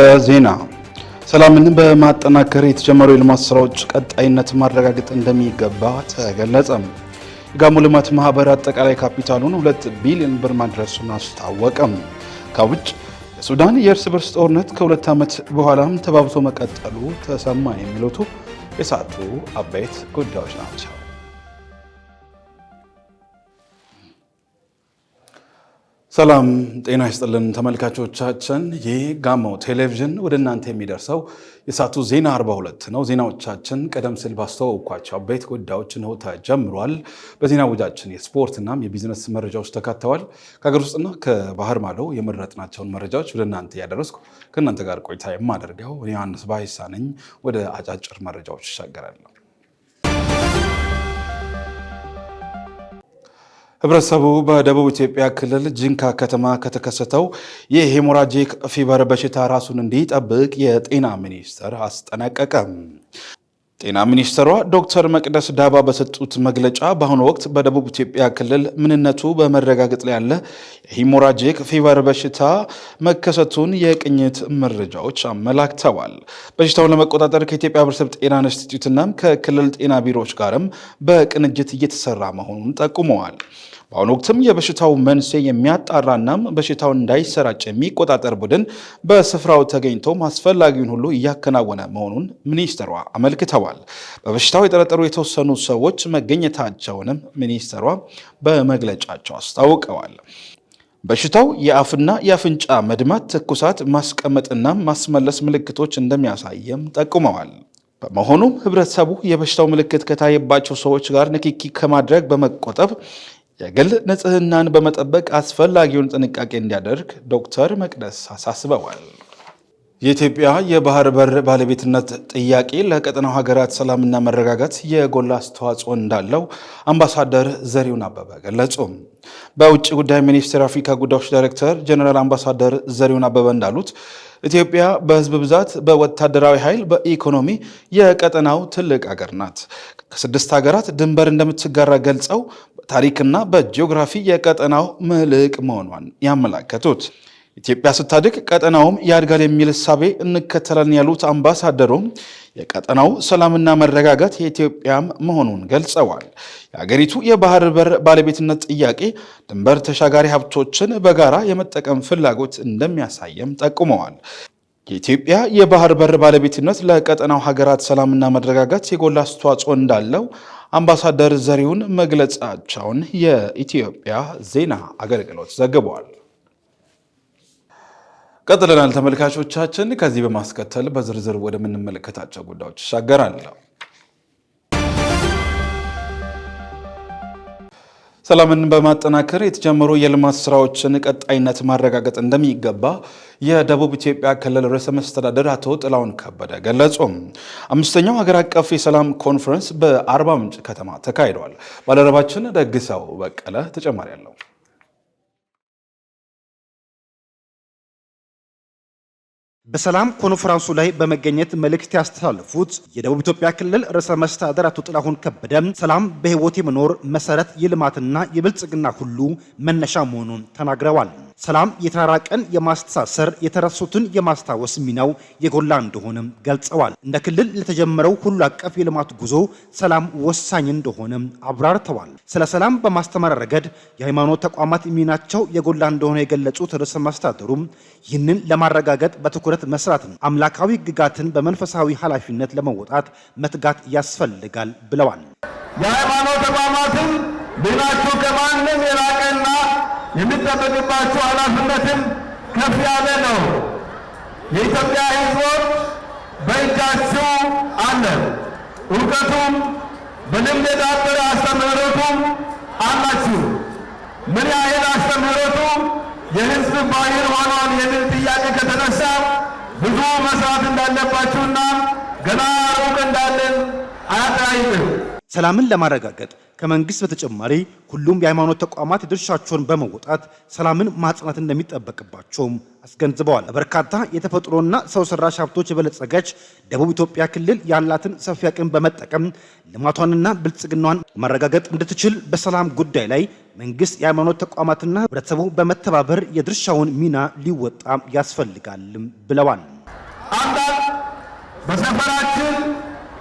አርዕስተ ዜና። ሰላምን በማጠናከር የተጀመሩ የልማት ስራዎች ቀጣይነት ማረጋገጥ እንደሚገባ ተገለጸ። የጋሞ ልማት ማህበር አጠቃላይ ካፒታሉን ሁለት ቢሊዮን ብር ማድረሱን አስታወቀም። ከውጭ የሱዳን የእርስ በርስ ጦርነት ከሁለት ዓመት በኋላም ተባብሶ መቀጠሉ ተሰማ። የሚሉት የሰዓቱ አበይት ጉዳዮች ናቸው። ሰላም ጤና ይስጥልን ተመልካቾቻችን፣ ይህ ጋሞ ቴሌቪዥን ወደ እናንተ የሚደርሰው የሳቱ ዜና 42 ነው። ዜናዎቻችን ቀደም ሲል ባስተዋወቅኳቸው አበይት ጉዳዮች ነው ተጀምሯል። በዜና ውጃችን የስፖርትናም የቢዝነስ መረጃዎች ተካተዋል። ከሀገር ውስጥና ከባህር ማዶ የመረጥናቸውን መረጃዎች ወደ እናንተ እያደረስኩ ከእናንተ ጋር ቆይታ የማደርገው ዮሐንስ ባይሳ ነኝ። ወደ አጫጭር መረጃዎች ይሻገራለሁ። ህብረተሰቡ በደቡብ ኢትዮጵያ ክልል ጂንካ ከተማ ከተከሰተው የሄሞራጂክ ፊቨር በሽታ ራሱን እንዲጠብቅ የጤና ሚኒስቴር አስጠነቀቀ። ጤና ሚኒስትሯ ዶክተር መቅደስ ዳባ በሰጡት መግለጫ በአሁኑ ወቅት በደቡብ ኢትዮጵያ ክልል ምንነቱ በመረጋገጥ ላይ ያለ የሂሞራጂክ ፊቨር በሽታ መከሰቱን የቅኝት መረጃዎች አመላክተዋል። በሽታውን ለመቆጣጠር ከኢትዮጵያ ሕብረተሰብ ጤና ኢንስቲትዩትና ከክልል ጤና ቢሮዎች ጋርም በቅንጅት እየተሰራ መሆኑን ጠቁመዋል። በአሁኑ ወቅትም የበሽታው መንስኤ የሚያጣራናም በሽታውን እንዳይሰራጭ የሚቆጣጠር ቡድን በስፍራው ተገኝቶ አስፈላጊውን ሁሉ እያከናወነ መሆኑን ሚኒስትሯ አመልክተዋል። በበሽታው የጠረጠሩ የተወሰኑ ሰዎች መገኘታቸውንም ሚኒስትሯ በመግለጫቸው አስታውቀዋል። በሽታው የአፍና የአፍንጫ መድማት፣ ትኩሳት፣ ማስቀመጥና ማስመለስ ምልክቶች እንደሚያሳየም ጠቁመዋል። በመሆኑም ህብረተሰቡ የበሽታው ምልክት ከታየባቸው ሰዎች ጋር ንክኪ ከማድረግ በመቆጠብ የግል ንጽህናን በመጠበቅ አስፈላጊውን ጥንቃቄ እንዲያደርግ ዶክተር መቅደስ አሳስበዋል። የኢትዮጵያ የባህር በር ባለቤትነት ጥያቄ ለቀጠናው ሀገራት ሰላምና መረጋጋት የጎላ አስተዋጽኦ እንዳለው አምባሳደር ዘሪሁን አበበ ገለጹ። በውጭ ጉዳይ ሚኒስቴር አፍሪካ ጉዳዮች ዳይሬክተር ጀኔራል አምባሳደር ዘሪሁን አበበ እንዳሉት ኢትዮጵያ በህዝብ ብዛት፣ በወታደራዊ ኃይል፣ በኢኮኖሚ የቀጠናው ትልቅ ሀገር ናት። ከስድስት ሀገራት ድንበር እንደምትጋራ ገልጸው በታሪክና በጂኦግራፊ የቀጠናው ምልቅ መሆኗን ያመላከቱት ኢትዮጵያ ስታድግ ቀጠናውም ያድጋል የሚል እሳቤ እንከተላለን ያሉት አምባሳደሩ የቀጠናው ሰላምና መረጋጋት የኢትዮጵያም መሆኑን ገልጸዋል። የአገሪቱ የባህር በር ባለቤትነት ጥያቄ ድንበር ተሻጋሪ ሀብቶችን በጋራ የመጠቀም ፍላጎት እንደሚያሳየም ጠቁመዋል። የኢትዮጵያ የባህር በር ባለቤትነት ለቀጠናው ሀገራት ሰላምና መረጋጋት የጎላ አስተዋጽኦ እንዳለው አምባሳደር ዘሪሁን መግለጻቸውን የኢትዮጵያ ዜና አገልግሎት ዘግቧል። ቀጥለናል ተመልካቾቻችን። ከዚህ በማስከተል በዝርዝር ወደምንመለከታቸው ጉዳዮች ይሻገራል። ሰላምን በማጠናከር የተጀመሩ የልማት ስራዎችን ቀጣይነት ማረጋገጥ እንደሚገባ የደቡብ ኢትዮጵያ ክልል ርዕሰ መስተዳደር አቶ ጥላሁን ከበደ ገለጹ። አምስተኛው ሀገር አቀፍ የሰላም ኮንፈረንስ በአርባ ምንጭ ከተማ ተካሂደዋል። ባልደረባችን ደግሰው በቀለ ተጨማሪ አለው። በሰላም ኮንፈረንሱ ላይ በመገኘት መልእክት ያስተላለፉት የደቡብ ኢትዮጵያ ክልል ርዕሰ መስተዳድር አቶ ጥላሁን ከበደ ሰላም በሕይወት የመኖር መሰረት የልማትና የብልጽግና ሁሉ መነሻ መሆኑን ተናግረዋል። ሰላም የተራራቀን የማስተሳሰር የተረሱትን የማስታወስ ሚናው የጎላ እንደሆነም ገልጸዋል። እንደ ክልል ለተጀመረው ሁሉ አቀፍ የልማት ጉዞ ሰላም ወሳኝ እንደሆነም አብራርተዋል። ስለ ሰላም በማስተማር ረገድ የሃይማኖት ተቋማት ሚናቸው የጎላ እንደሆነ የገለጹት ርዕሰ መስተዳድሩም ይህንን ለማረጋገጥ በትኩረት መስራትን፣ አምላካዊ ሕግጋትን በመንፈሳዊ ኃላፊነት ለመወጣት መትጋት ያስፈልጋል ብለዋል። የሃይማኖት ተቋማትን ሚናቸው ከማንም የላቀና የሚጠበቅባቸው ኃላፊነትም ከፍ ያለ ነው። የኢትዮጵያ ሕዝቦች በእጃችሁ አለ። እውቀቱም በልምድ የዳበረ አስተምህሮቱም አላችሁ። ምን ያህል አስተምህሮቱ የህዝብ ባህል ሆኗል የሚል ጥያቄ ከተነሳ ብዙ መስራት እንዳለባችሁና ገና ሩቅ እንዳለን አያጠያይቅም። ሰላምን ለማረጋገጥ ከመንግስት በተጨማሪ ሁሉም የሃይማኖት ተቋማት የድርሻቸውን በመወጣት ሰላምን ማጽናት እንደሚጠበቅባቸውም አስገንዝበዋል። በርካታ የተፈጥሮና ሰው ሰራሽ ሀብቶች የበለጸገች ደቡብ ኢትዮጵያ ክልል ያላትን ሰፊ አቅም በመጠቀም ልማቷንና ብልጽግናዋን ማረጋገጥ እንድትችል በሰላም ጉዳይ ላይ መንግስት የሃይማኖት ተቋማትና ህብረተሰቡ በመተባበር የድርሻውን ሚና ሊወጣ ያስፈልጋልም ብለዋል። አንዳንድ በሰፈራችን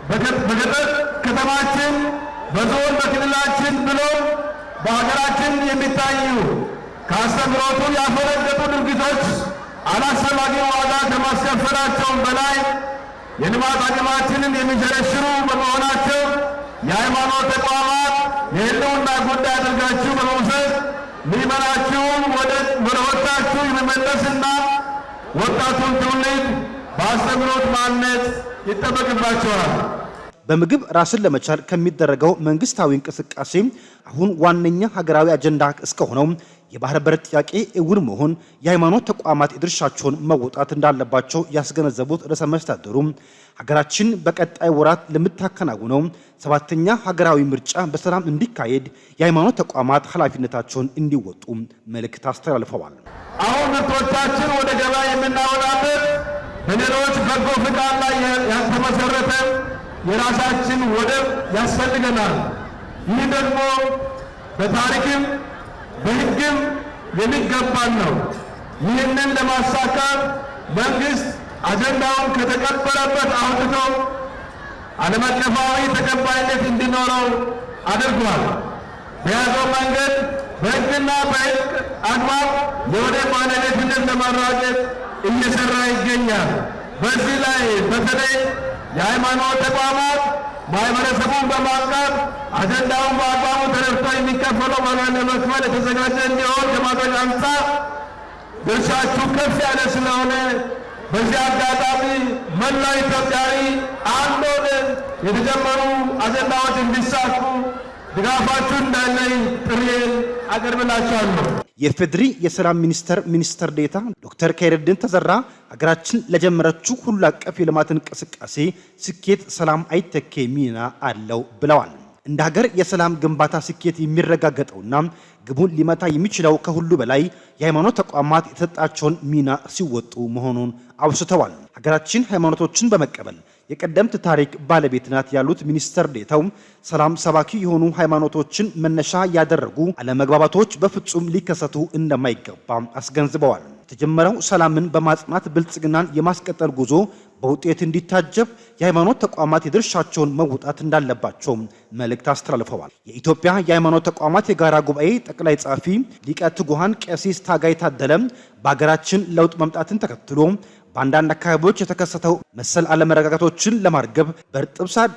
በገጠር ከተማችን በዞን በክልላችን ብለው በሀገራችን የሚታዩ ከአስተምህሮቱ ያፈነገጡ ድርጊቶች አላስፈላጊ ዋጋ ከማስከፈላቸውም በላይ የልማት አቅማችንን የሚሸረሽሩ በመሆናቸው የሃይማኖት ተቋማት የህልውና ጉዳይ አድርጋችሁ በመውሰድ ምዕመናችሁን ወደ ወታችሁ የመመለስና ወጣቱን ትውልድ በአስተምህሮት ማነጽ ይጠበቅባቸዋል። በምግብ ራስን ለመቻል ከሚደረገው መንግስታዊ እንቅስቃሴ አሁን ዋነኛ ሀገራዊ አጀንዳ እስከሆነው የባህር በር ጥያቄ እውን መሆን የሃይማኖት ተቋማት የድርሻቸውን መወጣት እንዳለባቸው ያስገነዘቡት ርዕሰ መስተዳድሩ ሀገራችን በቀጣይ ወራት ለምታከናውነው ሰባተኛ ሀገራዊ ምርጫ በሰላም እንዲካሄድ የሃይማኖት ተቋማት ኃላፊነታቸውን እንዲወጡ መልእክት አስተላልፈዋል። አሁን ምርቶቻችን ወደ ገበያ የምናወጣበት በሌሎች በጎ ፍቃድ ላይ ያልተመሰረተ የራሳችን ወደብ ያስፈልገናል። ይህ ደግሞ በታሪክም በሕግም የሚገባን ነው። ይህንን ለማሳካት መንግስት አጀንዳውን ከተቀበለበት አውጥቶ ዓለም አቀፋዊ ተቀባይነት እንዲኖረው አድርጓል። በያዘው መንገድ በሕግና በሕግ አግባብ የወደብ ባለቤትነት ለማረጋገጥ እየሰራ ይገኛል። በዚህ ላይ በተለይ የሃይማኖት ተቋማት ማህበረሰቡን በማቅረብ አጀንዳውን በአግባቡ ተረድቶ የሚከፈለው ዋጋን ለመክፈል የተዘጋጀ እንዲሆን ከማድረግ አንጻር ድርሻችሁ ከፍ ያለ ስለሆነ በዚህ አጋጣሚ መላው ኢትዮጵያዊ አንድ ሆነን የተጀመሩ አጀንዳዎች እንዲሳኩ ድጋፋችሁ እንዳለኝ ጥሪዬን አቀርብላችኋለሁ። የፌድሪ የሰላም ሚኒስተር ሚኒስተር ዴታ ዶክተር ከይረዲን ተዘራ ሀገራችን ለጀመረችው ሁሉ አቀፍ የልማት እንቅስቃሴ ስኬት ሰላም አይተኬ ሚና አለው ብለዋል። እንደ ሀገር የሰላም ግንባታ ስኬት የሚረጋገጠውና ግቡን ሊመታ የሚችለው ከሁሉ በላይ የሃይማኖት ተቋማት የተሰጣቸውን ሚና ሲወጡ መሆኑን አውስተዋል። ሀገራችን ሃይማኖቶችን በመቀበል የቀደምት ታሪክ ባለቤት ናት ያሉት ሚኒስተር ዴታው ሰላም ሰባኪ የሆኑ ሃይማኖቶችን መነሻ ያደረጉ አለመግባባቶች በፍጹም ሊከሰቱ እንደማይገባ አስገንዝበዋል። የተጀመረው ሰላምን በማጽናት ብልጽግናን የማስቀጠል ጉዞ በውጤት እንዲታጀብ የሃይማኖት ተቋማት የድርሻቸውን መውጣት እንዳለባቸው መልእክት አስተላልፈዋል። የኢትዮጵያ የሃይማኖት ተቋማት የጋራ ጉባኤ ጠቅላይ ጸሐፊ ሊቀ ትጉሃን ቀሲስ ታጋይ ታደለም በሀገራችን ለውጥ መምጣትን ተከትሎ በአንዳንድ አካባቢዎች የተከሰተው መሰል አለመረጋጋቶችን ለማርገብ በእርጥብ ሳር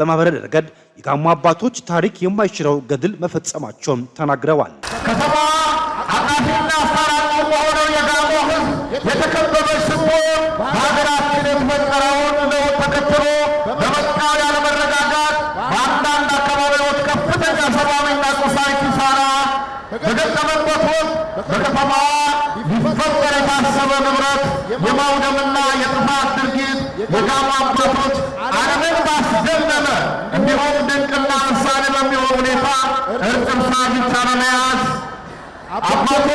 በማበረድ ረገድ የጋሞ አባቶች ታሪክ የማይሽረው ገድል መፈጸማቸውን ተናግረዋል። አባቶች ዓለምን ባስደመመ እንዲሁም ድንቅና ምሳሌ በሚሆን ሁኔታ እርጥብ ሳር ብቻ በመያዝ አባቶች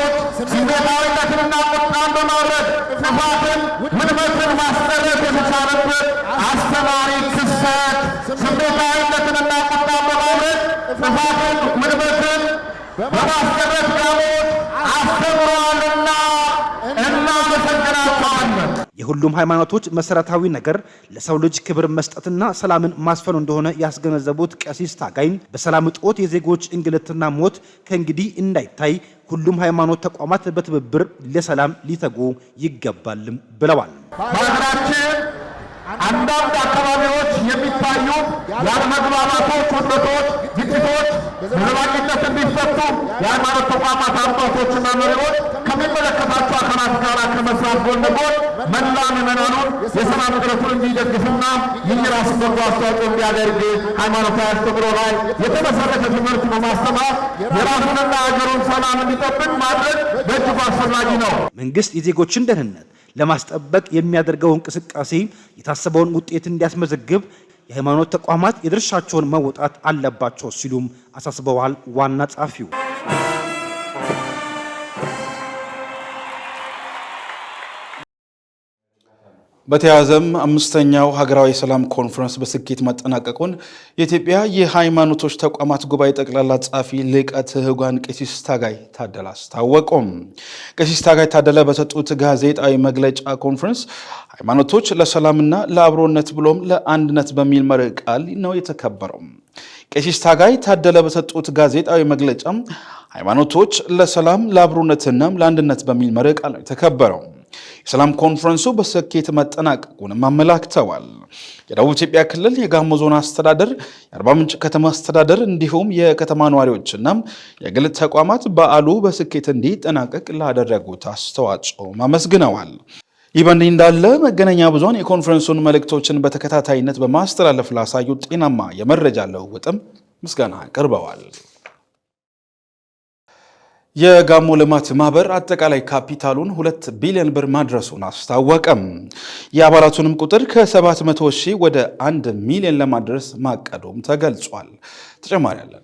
ስሜታዊነትንና ቁጣን በማውረድ ጥፋትን፣ ውድመትን ማስቀረት የተቻለበት አስተማሪ ክስተት ስሜታዊነትንና ቁጣን በማውረድ ጥፋትን፣ ውድመትን በማስቀረት የሁሉም ሃይማኖቶች መሰረታዊ ነገር ለሰው ልጅ ክብር መስጠትና ሰላምን ማስፈኑ እንደሆነ ያስገነዘቡት ቀሲስ ታጋይ በሰላም እጦት የዜጎች እንግልትና ሞት ከእንግዲህ እንዳይታይ ሁሉም ሃይማኖት ተቋማት በትብብር ለሰላም ሊተጉ ይገባልም ብለዋል። አንዳንድ አካባቢዎች የሚታዩ ያለመግባባቶች፣ ውጥረቶች፣ ግጭቶች በዘላቂነት እንዲፈቱ የሃይማኖት ተቋማት አባቶችና መሪዎች ከሚመለከታቸው አካላት ጋር ከመስራት ጎን ለጎን መላ ምዕመናኑን የሰላም ጥረቱን እንዲደግፍና የራሱ በጎ አስተዋጽኦ እንዲያደርግ ሃይማኖታዊ አስተምሮ ላይ የተመሰረተ ትምህርት በማስተማር የራሱንና ሀገሩን ሰላም እንዲጠብቅ ማድረግ በእጅጉ አስፈላጊ ነው። መንግስት የዜጎችን ደህንነት ለማስጠበቅ የሚያደርገው እንቅስቃሴ የታሰበውን ውጤት እንዲያስመዘግብ የሃይማኖት ተቋማት የድርሻቸውን መወጣት አለባቸው ሲሉም አሳስበዋል ዋና ጸሐፊው። በተያያዘም አምስተኛው ሀገራዊ የሰላም ኮንፈረንስ በስኬት ማጠናቀቁን የኢትዮጵያ የሃይማኖቶች ተቋማት ጉባኤ ጠቅላላ ጸሐፊ ሊቀ ሕጉሳን ቄሲስ ታጋይ ታደለ አስታወቁም። ቄሲስ ታጋይ ታደለ በሰጡት ጋዜጣዊ መግለጫ ኮንፈረንስ ሃይማኖቶች ለሰላምና ለአብሮነት ብሎም ለአንድነት በሚል መሪ ቃል ነው የተከበረው። ቄሲስ ታጋይ ታደለ በሰጡት ጋዜጣዊ መግለጫ ሃይማኖቶች ለሰላም ለአብሮነትና ለአንድነት በሚል መሪ ቃል ነው የተከበረው። የሰላም ኮንፈረንሱ በስኬት መጠናቀቁንም አመላክተዋል። የደቡብ ኢትዮጵያ ክልል የጋሞ ዞን አስተዳደር፣ የአርባ ምንጭ ከተማ አስተዳደር እንዲሁም የከተማ ነዋሪዎችና የግል ተቋማት በዓሉ በስኬት እንዲጠናቀቅ ላደረጉት አስተዋጽኦም አመስግነዋል። ይህ በእንዲህ እንዳለ መገናኛ ብዙን የኮንፈረንሱን መልእክቶችን በተከታታይነት በማስተላለፍ ላሳዩ ጤናማ የመረጃ ልውውጥም ምስጋና አቅርበዋል። የጋሞ ልማት ማህበር አጠቃላይ ካፒታሉን ሁለት ቢሊዮን ብር ማድረሱን አስታወቀም። የአባላቱንም ቁጥር ከ700 ሺህ ወደ አንድ ሚሊዮን ለማድረስ ማቀዱም ተገልጿል። ተጨማሪ አለን።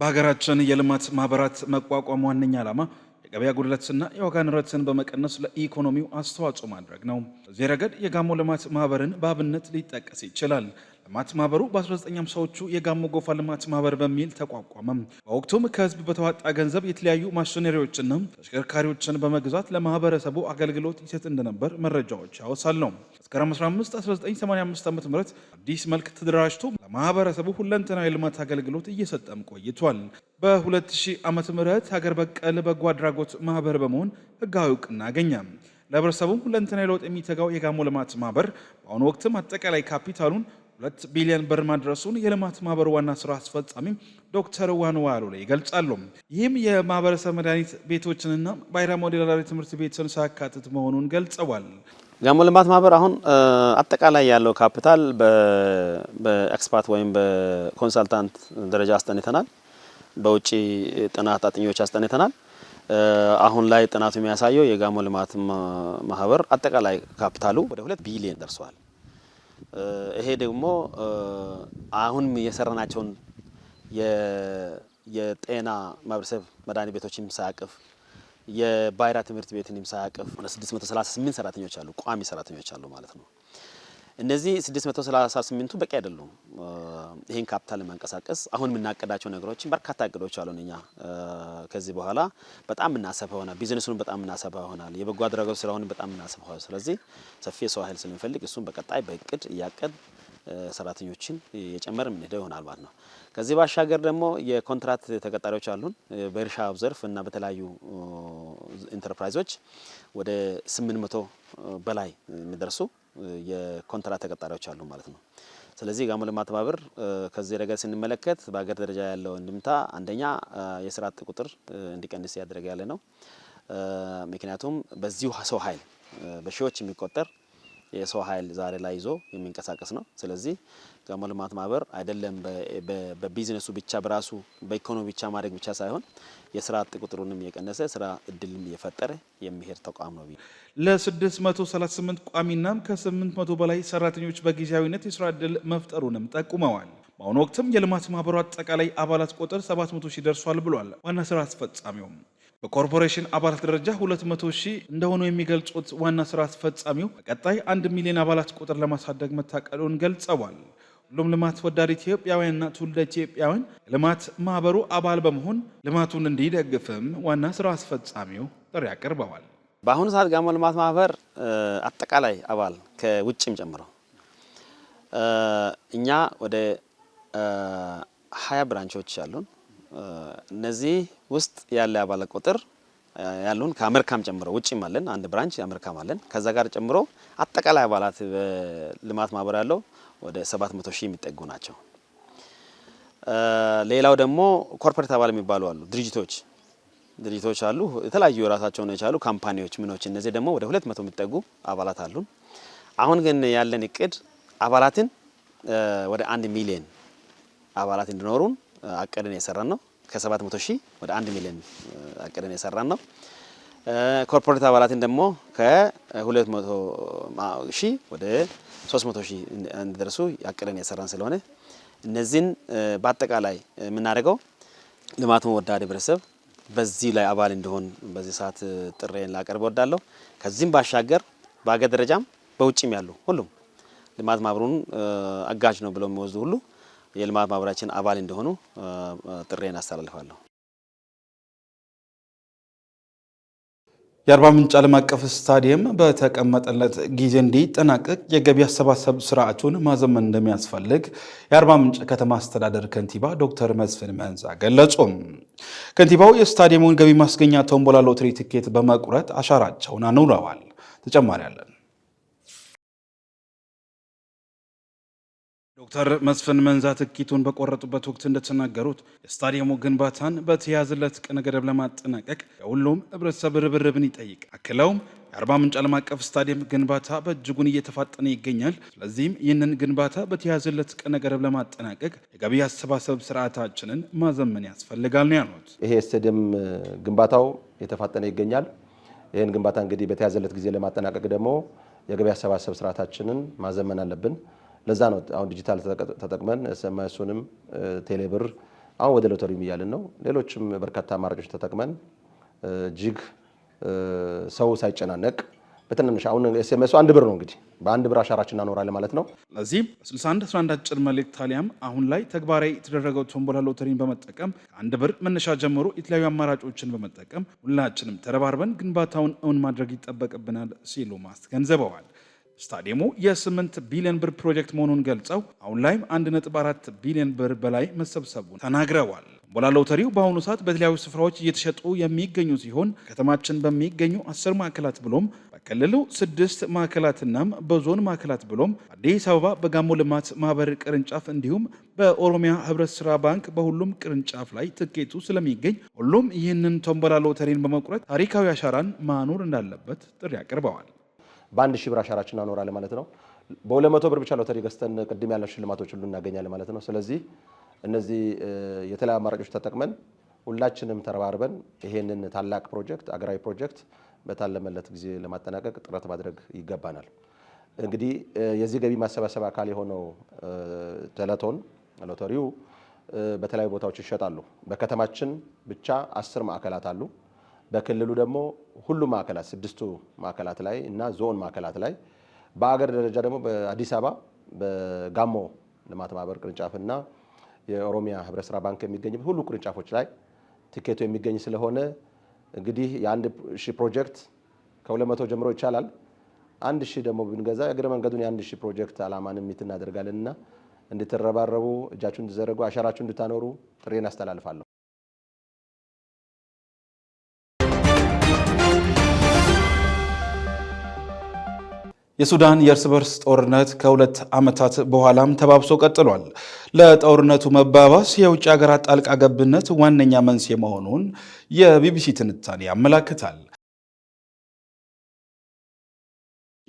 በሀገራችን የልማት ማህበራት መቋቋም ዋነኛ ዓላማ የገበያ ጉድለትና የዋጋ ንረትን በመቀነስ ለኢኮኖሚው አስተዋጽኦ ማድረግ ነው። በዚህ ረገድ የጋሞ ልማት ማህበርን በአብነት ሊጠቀስ ይችላል። ልማት ማህበሩ በ1950ዎቹ የጋሞ ጎፋ ልማት ማህበር በሚል ተቋቋመ። በወቅቱም ከህዝብ በተዋጣ ገንዘብ የተለያዩ ማሽነሪዎችና ተሽከርካሪዎችን በመግዛት ለማህበረሰቡ አገልግሎት ይሰጥ እንደነበር መረጃዎች ያወሳሉ። መስከረም 15 1985 ዓ ም አዲስ መልክ ተደራጅቶ ለማህበረሰቡ ሁለንተናዊ የልማት አገልግሎት እየሰጠም ቆይቷል። በ2000 ዓ ም ሀገር በቀል በጎ አድራጎት ማህበር በመሆን ህጋዊ እውቅና አገኘ። ለህብረተሰቡም ሁለንተናዊ ለውጥ የሚተጋው የጋሞ ልማት ማህበር በአሁኑ ወቅትም አጠቃላይ ካፒታሉን ሁለት ቢሊዮን ብር ማድረሱን የልማት ማህበር ዋና ስራ አስፈጻሚ ዶክተር ዋንዋ ላይ ይገልጻሉ። ይህም የማህበረሰብ መድኃኒት ቤቶችንና ባይራ ሞዴላዊ ትምህርት ቤትን ሳካትት መሆኑን ገልጸዋል። ጋሞ ልማት ማህበር አሁን አጠቃላይ ያለው ካፒታል በኤክስፐርት ወይም በኮንሳልታንት ደረጃ አስጠንተናል። በውጭ ጥናት አጥኚዎች አስጠንተናል። አሁን ላይ ጥናቱ የሚያሳየው የጋሞ ልማት ማህበር አጠቃላይ ካፒታሉ ወደ ሁለት ቢሊዮን ደርሷል። ይሄ ደግሞ አሁንም የሰራናቸውን የጤና ማህበረሰብ መድኃኒት ቤቶችን ሳያቅፍ የባይራ ትምህርት ቤትን ሳያቅፍ 638 ሰራተኞች አሉ፣ ቋሚ ሰራተኞች አሉ ማለት ነው። እነዚህ 638ቱ በቂ አይደሉም። ይህን ካፒታል ለማንቀሳቀስ አሁን የምናቀዳቸው ነገሮችን በርካታ እቅዶች አሉን። እኛ ከዚህ በኋላ በጣም እናሰፋ ይሆናል። ቢዝነሱን በጣም እናሰፋ ይሆናል። የበጎ አድራጎት ስራውን በጣም እናሰፋ ይሆናል። ስለዚህ ሰፊ የሰው ኃይል ስለሚፈልግ እሱን በቀጣይ በእቅድ እያቀድ ሰራተኞችን የጨመር የምንሄደው ይሆናል ማለት ነው። ከዚህ ባሻገር ደግሞ የኮንትራት ተቀጣሪዎች አሉን በእርሻ ዘርፍ እና በተለያዩ ኢንተርፕራይዞች ወደ 800 በላይ የሚደርሱ የኮንትራት ተቀጣሪዎች አሉ ማለት ነው። ስለዚህ ጋሞ ልማት ማህበር ከዚህ ረገድ ስንመለከት በሀገር ደረጃ ያለው እንድምታ አንደኛ የስራ አጥ ቁጥር እንዲቀንስ እያደረገ ያለ ነው። ምክንያቱም በዚሁ ሰው ኃይል በሺዎች የሚቆጠር የሰው ኃይል ዛሬ ላይ ይዞ የሚንቀሳቀስ ነው። ስለዚህ ጋሞ ልማት ማህበር አይደለም በቢዝነሱ ብቻ በራሱ በኢኮኖሚ ብቻ ማድረግ ብቻ ሳይሆን የስራ አጥ ቁጥሩንም የቀነሰ ስራ እድልም እየፈጠረ የሚሄድ ተቋም ነው። ለ638 ና ከ800 በላይ ሰራተኞች በጊዜያዊነት የስራ እድል መፍጠሩንም ጠቁመዋል። በአሁኑ ወቅትም የልማት ማህበሩ አጠቃላይ አባላት ቁጥር 700 ሺህ ደርሷል ብሏል ዋና ስራ አስፈጻሚውም በኮርፖሬሽን አባላት ደረጃ 200 ሺህ እንደሆኑ የሚገልጹት ዋና ስራ አስፈጻሚው በቀጣይ አንድ ሚሊዮን አባላት ቁጥር ለማሳደግ መታቀዱን ገልጸዋል። ሁሉም ልማት ወዳድ ኢትዮጵያውያንና ትውልደ ኢትዮጵያውያን የልማት ማህበሩ አባል በመሆን ልማቱን እንዲደግፍም ዋና ስራ አስፈጻሚው ጥሪ አቅርበዋል። በአሁኑ ሰዓት ጋሞ ልማት ማህበር አጠቃላይ አባል ከውጭም ጨምሮ እኛ ወደ ሀያ ብራንቾች አሉን እነዚህ ውስጥ ያለ አባለ ቁጥር ያሉን ከአሜሪካም ጨምሮ ውጭም አለን። አንድ ብራንች አሜሪካም አለን። ከዛ ጋር ጨምሮ አጠቃላይ አባላት በልማት ማህበር ያለው ወደ 700 ሺህ የሚጠጉ ናቸው። ሌላው ደግሞ ኮርፖሬት አባል የሚባሉ አሉ። ድርጅቶች ድርጅቶች አሉ። የተለያዩ የራሳቸውን የቻሉ ካምፓኒዎች፣ ምኖች እነዚህ ደግሞ ወደ 200 የሚጠጉ አባላት አሉን። አሁን ግን ያለን እቅድ አባላትን ወደ አንድ ሚሊዮን አባላት እንዲኖሩን አቅደን የሰራን ነው። ከ700 ሺህ ወደ 1 ሚሊዮን አቅደን የሰራን ነው። ኮርፖሬት አባላትን ደግሞ ከ200 ሺህ ወደ 300 ሺህ እንዲደርሱ አቅደን የሰራን ስለሆነ እነዚህን በአጠቃላይ የምናደርገው ልማቱን ወዳድ ህብረተሰብ በዚህ ላይ አባል እንደሆን በዚህ ሰዓት ጥሬን ላቀርብ ወዳለሁ። ከዚህም ባሻገር በሀገር ደረጃም በውጭም ያሉ ሁሉም ልማት ማህበሩን አጋዥ ነው ብለው የሚወስዱ ሁሉ የልማት ማህበራችን አባል እንደሆኑ ጥሬን አስተላልፋለሁ። የአርባ ምንጭ ዓለም አቀፍ ስታዲየም በተቀመጠለት ጊዜ እንዲጠናቀቅ የገቢ አሰባሰብ ስርዓቱን ማዘመን እንደሚያስፈልግ የአርባ ምንጭ ከተማ አስተዳደር ከንቲባ ዶክተር መስፍን መንዛ ገለጹ። ከንቲባው የስታዲየሙን ገቢ ማስገኛ ቶምቦላ ሎትሪ ትኬት በመቁረጥ አሻራቸውን አኑረዋል። ተጨማሪ አለን። ዶክተር መስፍን መንዛ ትኪቱን በቆረጡበት ወቅት እንደተናገሩት የስታዲየሙ ግንባታን በተያዘለት ቀነ ገደብ ለማጠናቀቅ የሁሉም ህብረተሰብ ርብርብን ይጠይቅ። አክለውም የአርባ ምንጭ ዓለም አቀፍ ስታዲየም ግንባታ በእጅጉን እየተፋጠነ ይገኛል። ስለዚህም ይህንን ግንባታ በተያዘለት ቀነ ገደብ ለማጠናቀቅ የገቢ አሰባሰብ ስርዓታችንን ማዘመን ያስፈልጋል ነው ያሉት። ይሄ ስታዲየም ግንባታው የተፋጠነ ይገኛል። ይህን ግንባታ እንግዲህ በተያዘለት ጊዜ ለማጠናቀቅ ደግሞ የገቢ አሰባሰብ ስርዓታችንን ማዘመን አለብን። ለዛ ነው አሁን ዲጂታል ተጠቅመን ኤስኤምኤሱንም ቴሌብር አሁን ወደ ሎተሪ እያልን ነው። ሌሎችም በርካታ አማራጮች ተጠቅመን እጅግ ሰው ሳይጨናነቅ በትንንሽ አሁን ኤስኤምኤሱ አንድ ብር ነው እንግዲህ በአንድ ብር አሻራችን እናኖራለን ማለት ነው። 61 11 አጭር መልእክት ታሊያም አሁን ላይ ተግባራዊ የተደረገው ቶምቦላ ሎተሪን በመጠቀም ከአንድ ብር መነሻ ጀምሮ የተለያዩ አማራጮችን በመጠቀም ሁላችንም ተረባርበን ግንባታውን እውን ማድረግ ይጠበቅብናል ሲሉ ማስገንዘበዋል። ስታዲየሙ የ8 ቢሊዮን ብር ፕሮጀክት መሆኑን ገልጸው አሁን ላይም 1.4 ቢሊዮን ብር በላይ መሰብሰቡን ተናግረዋል። ቦላ ሎተሪው በአሁኑ ሰዓት በተለያዩ ስፍራዎች እየተሸጡ የሚገኙ ሲሆን ከተማችን በሚገኙ አስር ማዕከላት ብሎም በክልሉ ስድስት ማዕከላትናም በዞን ማዕከላት ብሎም አዲስ አበባ በጋሞ ልማት ማህበር ቅርንጫፍ እንዲሁም በኦሮሚያ ህብረት ስራ ባንክ በሁሉም ቅርንጫፍ ላይ ትኬቱ ስለሚገኝ ሁሉም ይህንን ቶምቦላ ሎተሪን በመቁረጥ ታሪካዊ አሻራን ማኖር እንዳለበት ጥሪ አቅርበዋል። በአንድ ሺህ ብር አሻራችን እናኖራለን ማለት ነው። በሁለት መቶ ብር ብቻ ሎተሪ ገዝተን ቅድም ያልነው ሽልማቶች ሁሉ እናገኛለን ማለት ነው። ስለዚህ እነዚህ የተለያዩ አማራጮች ተጠቅመን ሁላችንም ተረባርበን ይሄንን ታላቅ ፕሮጀክት አገራዊ ፕሮጀክት በታለመለት ጊዜ ለማጠናቀቅ ጥረት ማድረግ ይገባናል። እንግዲህ የዚህ ገቢ ማሰባሰብ አካል የሆነው ቴሌቶን ሎተሪው በተለያዩ ቦታዎች ይሸጣሉ። በከተማችን ብቻ አስር ማዕከላት አሉ። በክልሉ ደግሞ ሁሉ ማዕከላት ስድስቱ ማዕከላት ላይ እና ዞን ማዕከላት ላይ በአገር ደረጃ ደግሞ በአዲስ አበባ በጋሞ ልማት ማህበር ቅርንጫፍ እና የኦሮሚያ ህብረት ስራ ባንክ የሚገኝበት ሁሉ ቅርንጫፎች ላይ ትኬቱ የሚገኝ ስለሆነ እንግዲህ የአንድ ሺህ ፕሮጀክት ከሁለት መቶ ጀምሮ ይቻላል። አንድ ሺህ ደግሞ ብንገዛ እግረ መንገዱን የአንድ ሺህ ፕሮጀክት አላማን ሚት እናደርጋለን እና እንድትረባረቡ እጃችሁ እንድትዘረጉ አሻራችሁ እንድታኖሩ ጥሬን አስተላልፋለሁ። የሱዳን የእርስ በርስ ጦርነት ከሁለት ዓመታት በኋላም ተባብሶ ቀጥሏል። ለጦርነቱ መባባስ የውጭ ሀገራት ጣልቃ ገብነት ዋነኛ መንስኤ መሆኑን የቢቢሲ ትንታኔ ያመላክታል።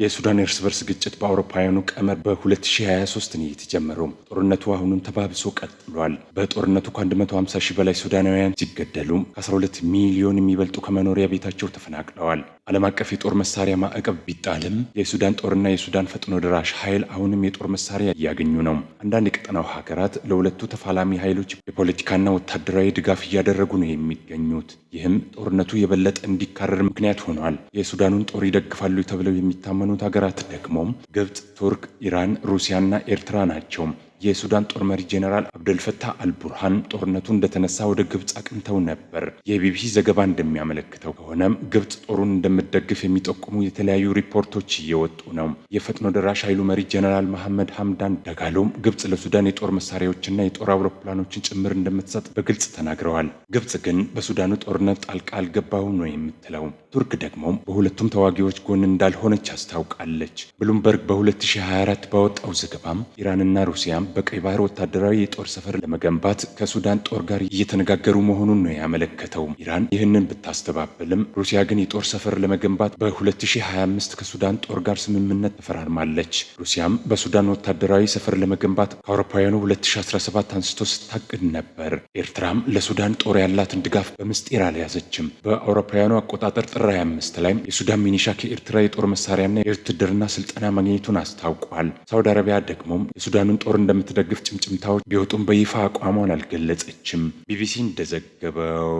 የሱዳን እርስ በርስ ግጭት በአውሮፓውያኑ ቀመር በ2023 ነው የተጀመረው። ጦርነቱ አሁንም ተባብሶ ቀጥሏል። በጦርነቱ ከ150 ሺህ በላይ ሱዳናውያን ሲገደሉ ከ12 ሚሊዮን የሚበልጡ ከመኖሪያ ቤታቸው ተፈናቅለዋል። ዓለም አቀፍ የጦር መሳሪያ ማዕቀብ ቢጣልም የሱዳን ጦርና የሱዳን ፈጥኖ ደራሽ ኃይል አሁንም የጦር መሳሪያ እያገኙ ነው። አንዳንድ የቀጠናው ሀገራት ለሁለቱ ተፋላሚ ኃይሎች የፖለቲካና ወታደራዊ ድጋፍ እያደረጉ ነው የሚገኙት። ይህም ጦርነቱ የበለጠ እንዲካረር ምክንያት ሆኗል። የሱዳኑን ጦር ይደግፋሉ ተብለው የሚታመኑ ሀገራት ደግሞ ግብፅ፣ ቱርክ፣ ኢራን፣ ሩሲያና ኤርትራ ናቸው። የሱዳን ጦር መሪ ጄኔራል አብደልፈታህ አልቡርሃን ጦርነቱ እንደተነሳ ወደ ግብፅ አቅንተው ነበር። የቢቢሲ ዘገባ እንደሚያመለክተው ከሆነም ግብፅ ጦሩን እንደምትደግፍ የሚጠቁሙ የተለያዩ ሪፖርቶች እየወጡ ነው። የፈጥኖ ደራሽ ኃይሉ መሪ ጄኔራል መሐመድ ሀምዳን ደጋሎም ግብፅ ለሱዳን የጦር መሳሪያዎችና የጦር አውሮፕላኖችን ጭምር እንደምትሰጥ በግልጽ ተናግረዋል። ግብፅ ግን በሱዳኑ ጦርነት ጣልቃ አልገባሁም ነው የምትለው። ቱርክ ደግሞ በሁለቱም ተዋጊዎች ጎን እንዳልሆነች አስታውቃለች። ብሉምበርግ በ2024 ባወጣው ዘገባም ኢራንና ሩሲያም በቀይ ባህር ወታደራዊ የጦር ሰፈር ለመገንባት ከሱዳን ጦር ጋር እየተነጋገሩ መሆኑን ነው ያመለከተው። ኢራን ይህንን ብታስተባበልም ሩሲያ ግን የጦር ሰፈር ለመገንባት በ2025 ከሱዳን ጦር ጋር ስምምነት ተፈራርማለች። ሩሲያም በሱዳን ወታደራዊ ሰፈር ለመገንባት ከአውሮፓውያኑ 2017 አንስቶ ስታቅድ ነበር። ኤርትራም ለሱዳን ጦር ያላትን ድጋፍ በምስጢር አልያዘችም። በአውሮፓውያኑ አቆጣጠር ጥር 25 ላይ የሱዳን ሚኒሻ ከኤርትራ የጦር መሳሪያና የውትድርና ስልጠና ማግኘቱን አስታውቋል። ሳውዲ አረቢያ ደግሞም የሱዳንን ጦር እንደ እንደምትደግፍ ጭምጭምታዎች ቢወጡም በይፋ አቋሟን አልገለጸችም። ቢቢሲ እንደዘገበው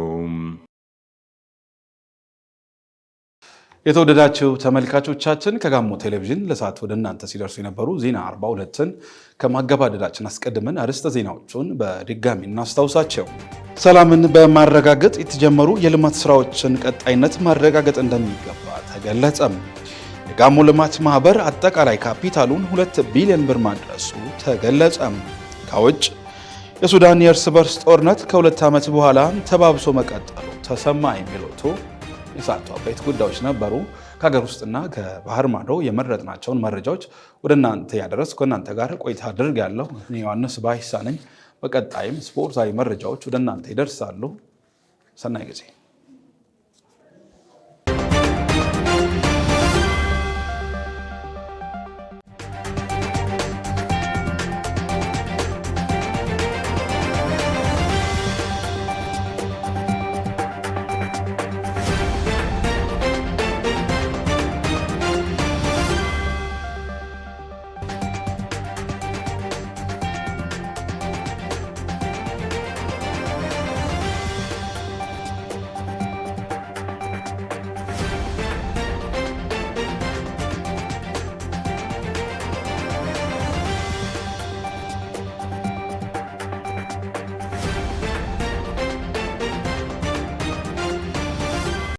የተወደዳችሁ ተመልካቾቻችን ከጋሞ ቴሌቪዥን ለሰዓት ወደ እናንተ ሲደርሱ የነበሩ ዜና 42ን ከማገባደዳችን አስቀድመን አርዕስተ ዜናዎቹን በድጋሚ እናስታውሳቸው። ሰላምን በማረጋገጥ የተጀመሩ የልማት ስራዎችን ቀጣይነት ማረጋገጥ እንደሚገባ ተገለጸም። የጋሞ ልማት ማህበር አጠቃላይ ካፒታሉን 2 ቢሊዮን ብር ማድረሱ ተገለጸ። ከውጭ የሱዳን የእርስ በርስ ጦርነት ከሁለት ዓመት በኋላ ተባብሶ መቀጠሉ ተሰማ የሚሉት የሰዓቱ አበይት ጉዳዮች ነበሩ። ከሀገር ውስጥና ከባህር ማዶ የመረጥናቸውን መረጃዎች ወደ እናንተ ያደረስ ከእናንተ ጋር ቆይታ አድርግ ያለው ዮሐንስ ባይሳ ነኝ። በቀጣይም ስፖርታዊ መረጃዎች ወደ እናንተ ይደርሳሉ። ሰናይ ጊዜ